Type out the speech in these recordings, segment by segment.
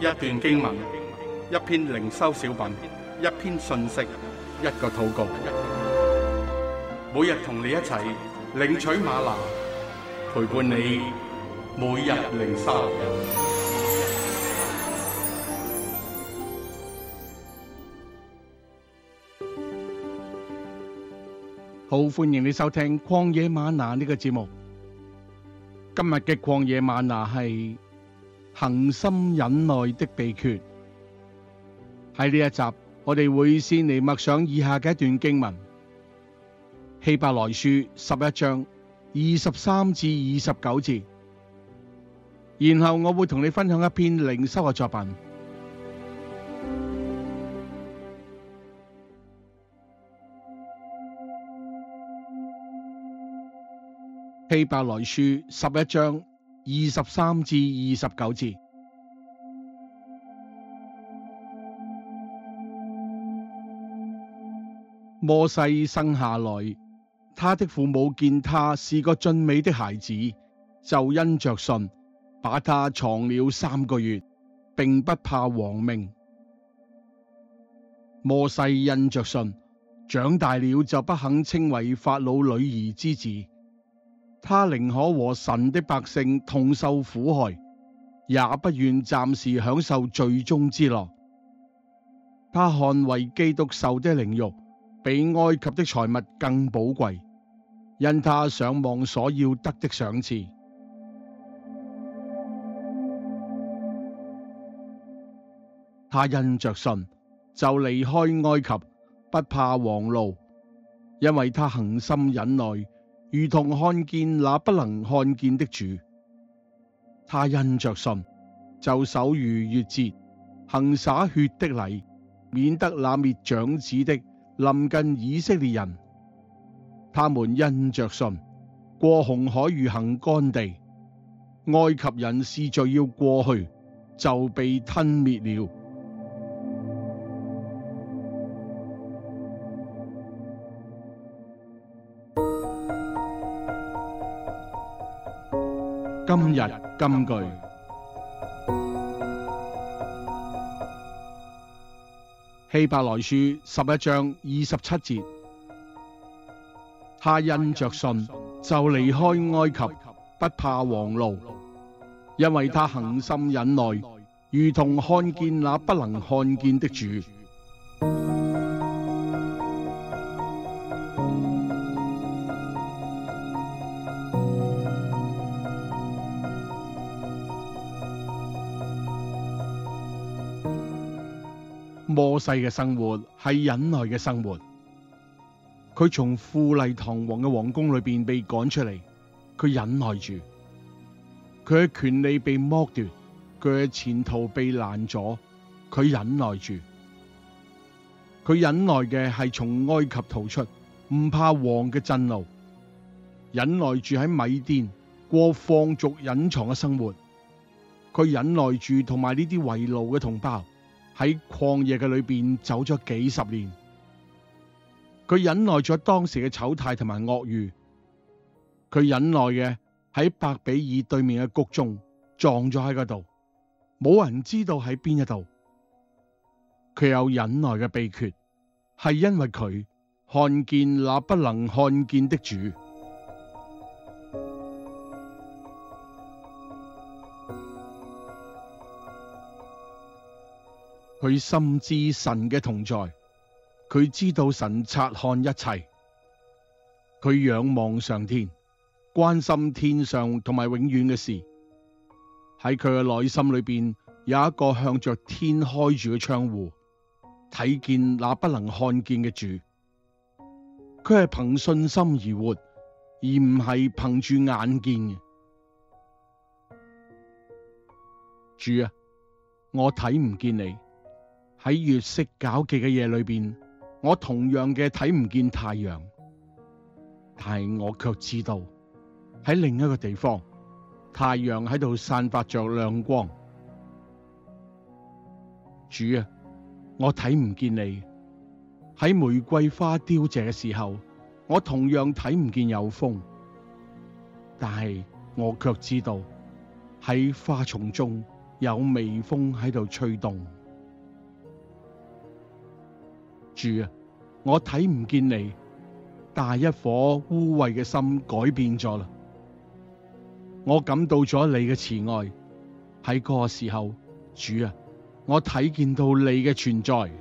一段經文，一篇靈修小品，一篇信息，一個禱告。每日同你一齊領取嗎哪，陪伴你每日靈修。好，歡迎你收聽《曠野嗎哪》呢個節目。今日嘅曠野嗎哪係。恆心忍耐的秘訣。喺呢一集，我哋會先嚟默想以下嘅一段經文：希伯來書十一章二十三至二十九節。然後我會同你分享一篇靈修嘅作品：希伯來書十一章。二十三至二十九節。摩西生下來，他的父母見他是個俊美的孩子，就因着信，把他藏了三個月，並不怕王命。摩西因着信，長大了就不肯稱為法老女兒之子。他寧可和神的百姓同受苦害，也不願暫時享受罪中之樂。他看為基督受的凌辱，比埃及的財物更寶貴，因他想望所要得的賞賜。他因着信就離開埃及，不怕王怒，因為他恆心忍耐。如同看見那不能看見的主，他因着信就守逾越節，行灑血的禮，免得那滅長子的臨近以色列人。他們因着信過紅海如行乾地，埃及人試着要過去就被吞滅了。今日金句，希伯來書十一章二十七節，他因着信就離開埃及，不怕王怒，因為他恆心忍耐，如同看見那不能看見的主。摩西嘅生活係忍耐嘅生活，佢從富麗堂皇嘅皇宮裏邊被趕出嚟，佢忍耐住，佢嘅權利被剝奪，佢嘅前途被攔阻，佢忍耐住，佢忍耐嘅係從埃及逃出，唔怕王嘅震怒，忍耐住喺米甸過放逐隱藏嘅生活，佢忍耐住同埋呢啲圍路嘅同胞。喺曠野嘅裏邊走咗幾十年，佢忍耐咗當時嘅醜態同埋惡遇，佢忍耐嘅喺伯毗珥對面嘅谷中葬咗喺嗰度，冇人知道喺邊一度，佢有忍耐嘅秘訣，係因為佢看見那不能看見的主。佢深知神嘅同在，佢知道神察看一切，佢仰望上天，關心天上同埋永遠嘅事。喺佢嘅內心裏邊，有一個向着天開住嘅窗戶，睇見那不能看見嘅主。佢係憑信心而活，而唔係憑住眼見嘅。主啊，我睇唔見你。喺月色皎潔嘅夜裏邊，我同樣嘅睇唔見太陽，但係我却知道，喺另一個地方，太陽喺度散發着亮光。主啊，我睇唔見你。喺玫瑰花凋謝嘅時候，我同樣睇唔見有風，但係我却知道，喺花叢中有微風喺度吹動。主啊，我睇唔見你，但係一顆污穢嘅心改變咗喇，我感到咗你嘅慈愛，喺個時候，主啊，我睇見到你嘅存在。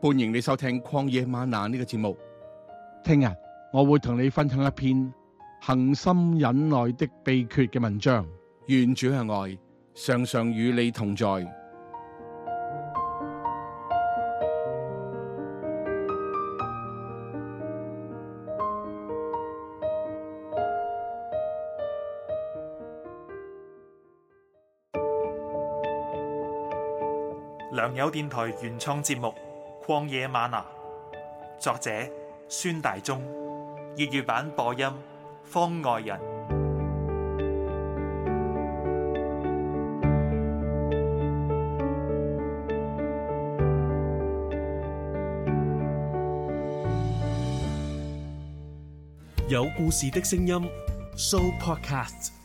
歡迎你收聽曠野嗎哪呢個節目。聽日我會同你分享一篇恒心忍耐的秘訣嘅文章。願主嘅愛，常常與你同在。良友電台原創節目。曠野嗎哪，作者孫大中，粵語版播音方外人，有故事的聲音 show podcast。